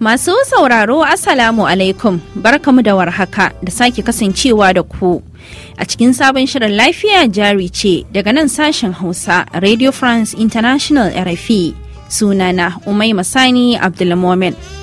Masu sauraro Assalamu alaikum barkamu da warhaka da sake kasancewa da ku a cikin sabon shirin lafiya jari ce daga nan sashen Hausa Radio France International RFI sunana Umai Masani Abdulmomin.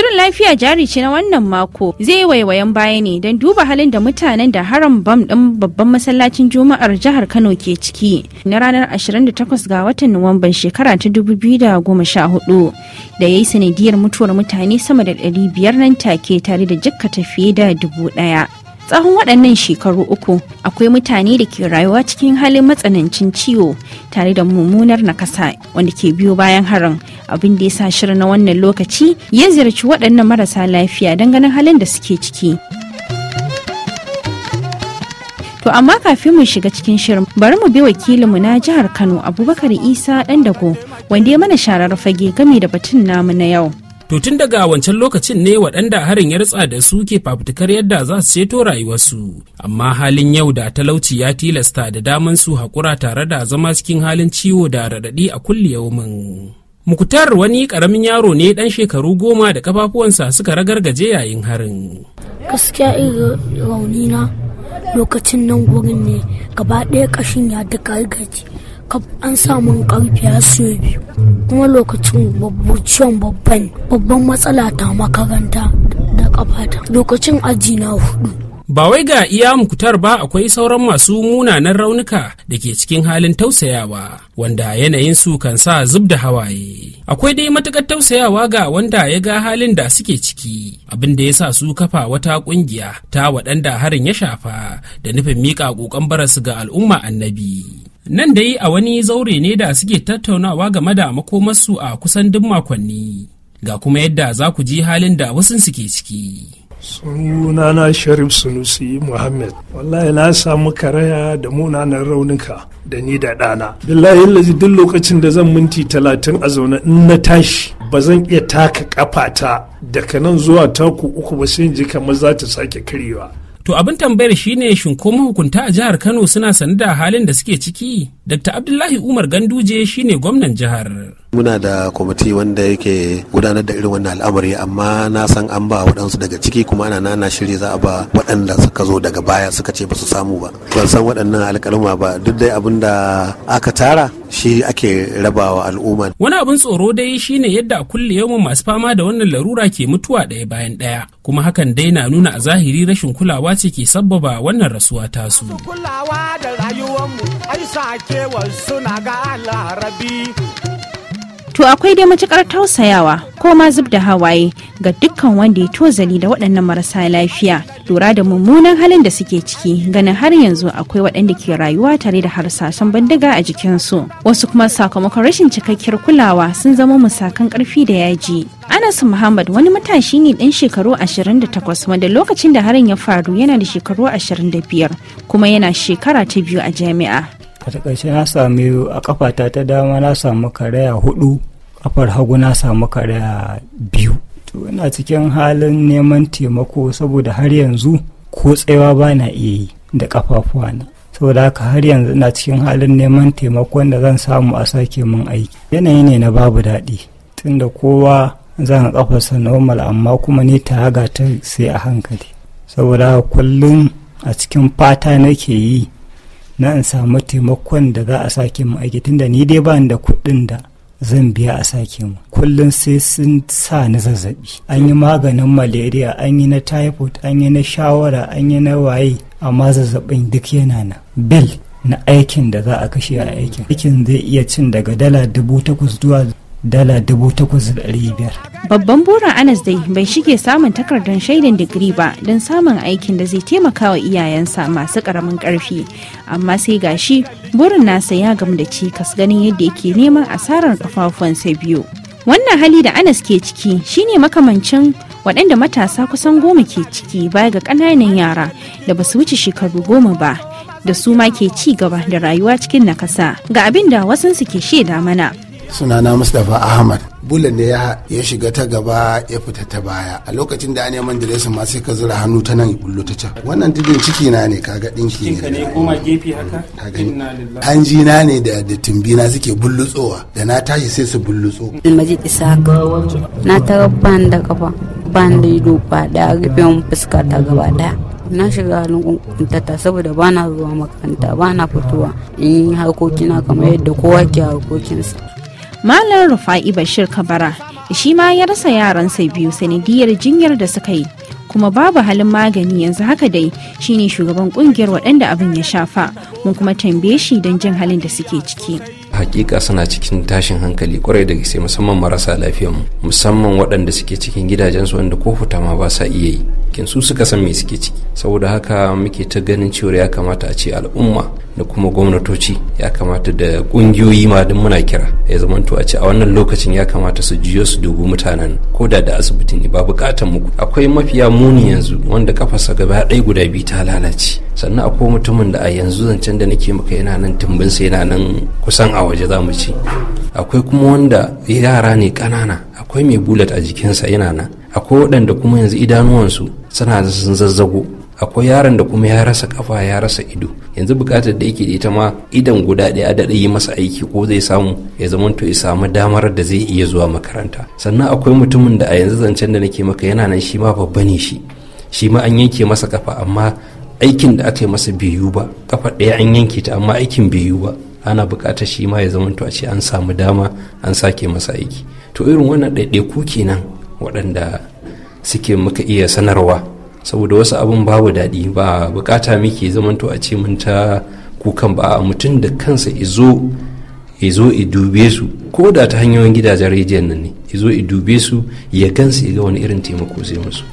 Shirin lafiya jari ce na wannan mako zai waiwayan baya ne don duba halin da mutanen da haram bam ɗin babban masallacin Juma'ar jihar Kano ke ciki na ranar 28 ga watan Nuwamban shekara ta 2014 da ya yi sanadiyar mutuwar mutane sama da 500 nan take tare da jikkata fiye da dubu ɗaya. Tsawon waɗannan shekaru uku akwai mutane da ke rayuwa cikin halin matsanancin ciwo tare da mummunar nakasa wanda ke biyo bayan harin abin da ya sa shirin na wannan lokaci ya ziyarci waɗannan marasa lafiya don ganin halin da suke ciki. To amma kafin mu shiga cikin shirin bari mu bi wakilinmu na jihar Kano Abubakar Isa dago wanda ya mana sharar fage game da batun namu na yau. To tun daga wancan lokacin ne waɗanda harin ya ritsa da su ke fafutukar yadda za su ceto rayuwarsu. Amma halin yau da talauci ya tilasta da daman su haƙura tare da zama cikin halin ciwo da raɗaɗi a kulli yaumin. Mukutar wani ƙaramin yaro ne ɗan shekaru goma da kafafuwansa suka ragargaje yayin harin. Gaskiya irin raunina lokacin nan gurin ne gaba ɗaya ƙashin ya duka gaji. an samu karfi a su biyu kuma lokacin ciwon babban babban matsala ta makaranta da kafata lokacin aji na hudu ba wai ga iya mukutar ba akwai sauran masu munanan raunuka da ke cikin halin tausayawa wanda yanayin su kan sa zub da hawaye akwai dai matukar tausayawa ga wanda ya ga halin da suke ciki abin da ya sa su kafa wata kungiya ta waɗanda harin ya shafa da nufin miƙa ƙoƙon barasu ga al'umma annabi nan dai a wani zaure ne da suke tattaunawa game da makomarsu a kusan duk makonni ga kuma yadda za ku ji halin da wasu suke ciki sunana sharif sunusi muhammed wallahi na samu karaya da munanan raunuka da ni da ɗana billahi lazi duk lokacin da zan minti talatin a zaune in na tashi ba zan iya taka kafata daga nan zuwa taku uku ba sai ji kamar za ta sake karyewa To abin tambayar shine shin ko mahukunta a jihar Kano suna sanda halin da suke ciki? Dr. Abdullahi Umar Ganduje shine gwamnan jihar. muna da kwamiti wanda yake gudanar da irin wannan al'amari amma na san an ba waɗansu daga ciki kuma ana nana shirya za a ba waɗanda suka zo daga baya suka ce ba su samu ba ban san waɗannan alƙaluma ba duk dai abin da aka tara shi ake rabawa al'umma wani abin tsoro dai shine yadda a kulle yau masu fama da wannan larura ke mutuwa ɗaya bayan ɗaya kuma hakan dai na nuna a zahiri rashin kulawa ce ke sabbaba wannan rasuwa tasu kulawa da rayuwarmu ai sakewar suna ga larabi to akwai dai matukar tausayawa ko ma zub da hawaye ga dukkan wanda ya tozali da waɗannan marasa lafiya lura da mummunan halin da suke ciki ganin har yanzu akwai waɗanda ke rayuwa tare da harsasan bindiga a jikinsu wasu kuma sakamakon rashin cikakkiyar kulawa sun zama musakan karfi da yaji Anas Muhammad wani matashi ne ɗan shekaru 28 wanda lokacin da harin ya faru yana da shekaru 25 kuma yana shekara ta biyu a jami'a a takaice na sami a kafata ta dama na samu karaya hudu kafar hagu na samu karaya biyu to ina cikin halin neman taimako saboda har yanzu ko tsayawa ba na iya yi da kafafuwa na saboda haka har yanzu ina cikin halin neman taimakon da zan samu a sake min aiki yanayi ne na babu daɗi tunda kowa zan sa normal amma kuma ni ta haga ta sai a hankali saboda kullum a cikin fata nake yi na in samu taimakon da za a sake mu aiki tunda ni dai ba da kuɗin da zan biya a sake mu kullum sai sun sa ni zazzabi an yi maganin malaria an yi na typhoid an yi na shawara an yi na waye amma zazzabin duk yana na bil na aikin da za a kashe a aikin aikin zai iya cin daga dala dubu takwas zuwa dala dubu takwas da biyar. Babban burin Anas dai bai shige samun takardar shaidan digiri ba don samun aikin da zai taimaka wa iyayensa masu ƙaramin karfi Amma sai gashi burin nasa ya gamu da cikas ganin yadda yake neman asarar ƙafafuwansa biyu. Wannan hali da Anas ke ciki shine makamancin waɗanda matasa kusan goma ke ciki baya ga ƙananan yara da ba su wuce shekaru goma ba da su ma ke ci gaba da rayuwa cikin nakasa ga abinda da wasansu ke shaida mana. sunana mustapha ahmad bulan ne ya shiga ta gaba ya fita ta baya a lokacin da an neman diresin ma sai ka zura hannu ta nan bullo ta can wannan tudun ciki na ne kaga dinki ne ne kuma gefe haka mm, ji na ne da da tumbi suke bullutsowa da na tashi sai su bullutso isa isaac na ta ban da kafa ban da ido ba da mun fuska ta gaba da na shiga halin kunkuntata saboda ba na zuwa makaranta ba na fitowa in harkokina kamar yadda kowa ke harkokinsa malam rufa'i bashir kabara shi ma ya rasa yaransa biyu sanadiyar jinyar da suka yi kuma babu halin magani yanzu haka dai shi ne shugaban kungiyar waɗanda abin ya shafa mun kuma tambaye shi don jin halin da suke ciki hakika suna cikin tashin hankali kwarai da gaske musamman marasa lafiyan musamman waɗanda suke cikin gidajensu wanda ko hutama ma ba sa iya yi aikin su suka san me suke ciki saboda haka muke ta ganin cewa ya kamata a ce al'umma da kuma gwamnatoci ya kamata da ƙungiyoyi ma duk muna kira ya zamanto a ce a wannan lokacin ya kamata su jiyo su dubu mutanen ko da da asibiti ne ba bukatan muku akwai mafiya muni yanzu wanda kafarsa gaba ɗaya guda biyu ta lalace sannan akwai mutumin da a yanzu zancen da nake maka yana nan tumbinsa yana nan kusan a waje za mu ci akwai kuma wanda yara ne ƙanana akwai mai bulat a jikinsa yana nan akwai waɗanda kuma yanzu idanuwansu suna sun zazzago akwai yaron da kuma ya rasa kafa ya rasa ido yanzu bukatar da yake da ita ma idan guda ɗaya a daɗa yi masa aiki ko zai samu ya zamanto ya samu damar da zai iya zuwa makaranta sannan akwai mutumin da a yanzu zancen da nake maka yana nan shi ma babba ne shi shi ma an yanke masa kafa amma aikin da aka yi masa biyu ba kafa ɗaya an yanke ta amma aikin biyu ba ana bukatar shi ma ya zamanto a ce an samu dama an sake masa aiki to irin wannan ɗaiɗaiku kenan waɗanda suke muka iya sanarwa saboda wasu abin babu daɗi ba bukata muke zamanto a ce mun ta kukan ba a mutum da kansa izo izo i dube su ko da ta hanyoyin gidajen rediyon nan ne izo i dube su ya gansu ya ga wani irin taimako zai musu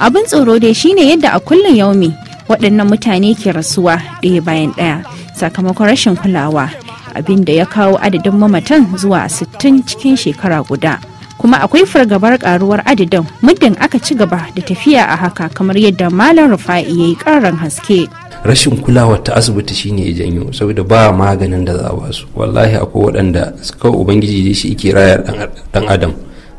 abin tsoro dai shine yadda a kullum yaumi waɗannan mutane ke rasuwa ɗaya bayan ɗaya sakamakon rashin kulawa abin da ya kawo adadin mamatan zuwa 60 cikin shekara guda kuma akwai fargabar karuwar adadin muddin aka ci gaba da tafiya a haka kamar yadda malam rufa'i ya yi karan haske rashin kulawa ta asibiti shine ya janyo saboda ba maganin da za a basu wallahi akwai waɗanda kawai ubangiji shi ke raya dan adam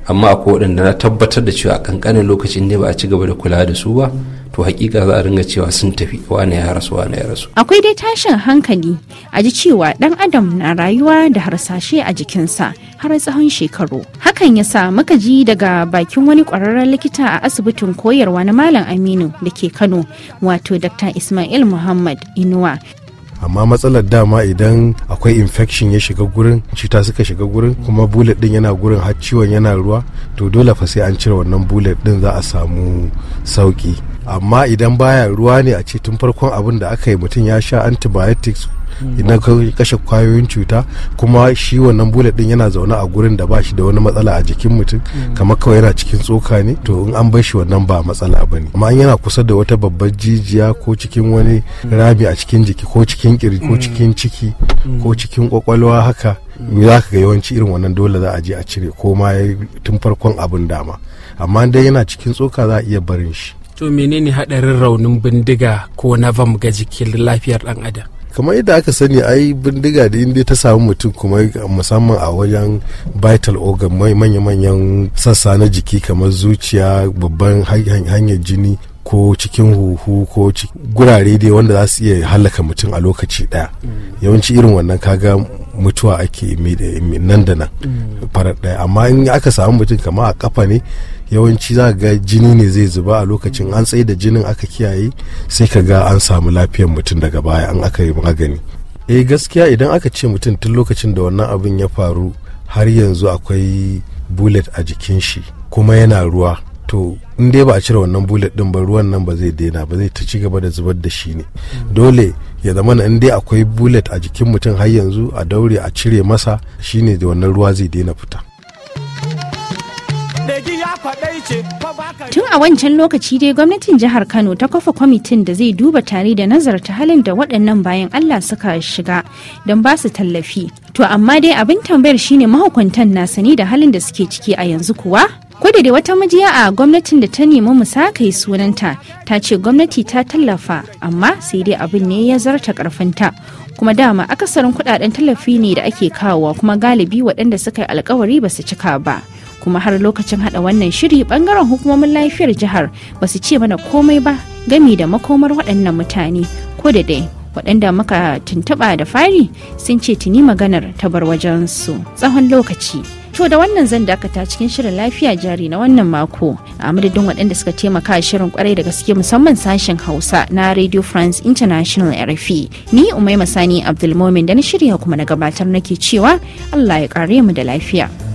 amma akwai waɗanda na tabbatar da cewa a kankanin lokacin ne ba a ci gaba da kula da su ba to hakika za a ringa cewa sun tafi wane ya rasu wane ya rasu akwai dai tashin hankali a ji cewa ɗan adam na rayuwa da harsashe a jikinsa har tsawon shekaru hakan ya sa muka ji daga bakin wani ƙwararren likita a asibitin koyarwa na malam aminu da ke kano wato dr ismail muhammad inuwa amma matsalar dama idan akwai infection ya shiga gurin cuta suka shiga gurin kuma bullet din yana gurin har ciwon yana ruwa to dole fa sai an cire wannan bullet din za a samu sauki amma idan baya ruwa ne a ce tun farkon abin da aka yi mutum ya sha antibiotics na kashe kwayoyin cuta kuma shi wannan bullet din yana zaune a gurin da ba shi da wani matsala a jikin mutum kamar kawai yana cikin tsoka ne to in an bar shi wannan ba matsala ba ne amma yana kusa da wata babbar jijiya ko cikin wani rami a cikin jiki ko cikin kirji ko cikin ciki ko cikin kwakwalwa haka za ka ga yawanci irin wannan dole za a je a cire ko ma tun farkon abin dama amma dai yana cikin tsoka za a iya barin shi to menene hadarin raunin bindiga ko na bam ga jikin lafiyar dan adam kamar yadda aka sani ai bindiga da inda ta samu mutum kuma musamman a wajen vital organ manya-manyan sassa na jiki kamar zuciya babban hanyar jini ko cikin huhu ko gurare dai wanda za su iya halaka mutum a lokaci daya mm. yawanci irin wannan kaga mutuwa ake nan da nan mm. farar daya amma in aka samu mutum kama a kafa ne yawanci za ga jini ne zai zuba a lokacin an tsaye da jinin aka kiyaye sai ka ga an samu lafiyar mutum daga baya an aka yi magani eh gaskiya idan aka ce mutum tun lokacin da wannan abin ya faru har yanzu akwai bullet a jikin shi kuma yana ruwa to in dai ba a cire wannan bullet din ba ruwan nan ba zai daina ba zai ta ci gaba da zubar da shi ne hmm. dole ya zama in dai akwai bullet a jikin mutum har yanzu a daure a cire masa shine da wannan ruwa zai daina fita Tun a wancan lokaci dai gwamnatin jihar Kano ta kafa kwamitin da zai duba tare da nazarta halin da waɗannan bayan Allah suka shiga don ba su tallafi. To amma dai abin tambayar shine mahukuntan na sani da halin da suke ciki a yanzu kuwa? ko da wata mijiya a gwamnatin da ta nemi musakai sunanta ta ce gwamnati ta tallafa amma sai dai abin ne ya zarta karfinta kuma dama akasarin kudaden tallafi ne da ake kawowa kuma galibi waɗanda suka yi alkawari ba su cika ba kuma har lokacin hada wannan shiri bangaren hukumomin lafiyar jihar ba su ce mana komai ba gami da makomar waɗannan mutane ko da dai waɗanda muka tuntuɓa da fari sun ce tuni maganar ta bar wajen su tsawon lokaci To da wannan zan dakata cikin shirin lafiya jari na wannan mako. A madadin waɗanda suka taimaka shirin kwarai da gaske musamman sashen Hausa na Radio France International RFI. Ni Umaima Sani Abdulmomin da na shirya kuma na gabatar nake cewa Allah ya kare mu da lafiya.